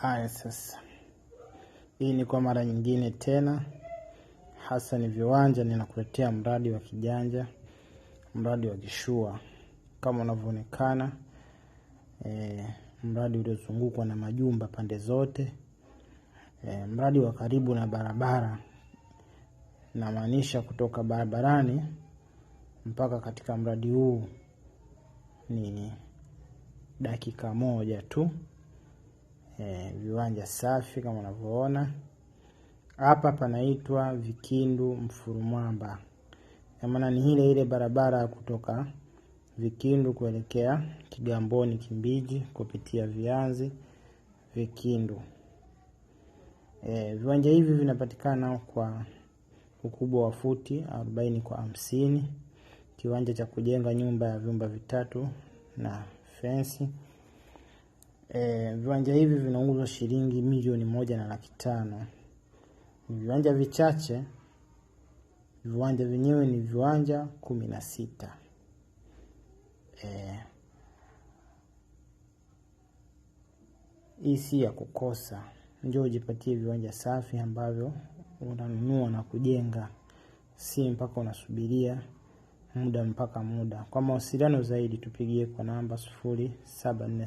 Haya, sasa hii ni kwa mara nyingine tena, Hassan Viwanja, ninakuletea mradi wa kijanja, mradi wa kishua kama unavyoonekana. E, mradi uliozungukwa na majumba pande zote. E, mradi wa karibu na barabara, namaanisha kutoka barabarani mpaka katika mradi huu ni dakika moja tu. Eh, viwanja safi kama unavyoona hapa panaitwa Vikindu Mfurumwamba, maana ni ile ile barabara kutoka Vikindu kuelekea Kigamboni Kimbiji kupitia Vianzi Vikindu. E, viwanja hivi vinapatikana kwa ukubwa wa futi arobaini kwa hamsini, kiwanja cha kujenga nyumba ya vyumba vitatu na fensi E, viwanja hivi vinauzwa shilingi milioni moja na laki tano. Ni viwanja vichache. Viwanja vyenyewe ni viwanja kumi na sita. E, hii si ya kukosa. Njoo ujipatie viwanja safi ambavyo unanunua na kujenga, si mpaka unasubiria muda mpaka muda. Kwa mawasiliano zaidi tupigie kwa namba sufuri saba nne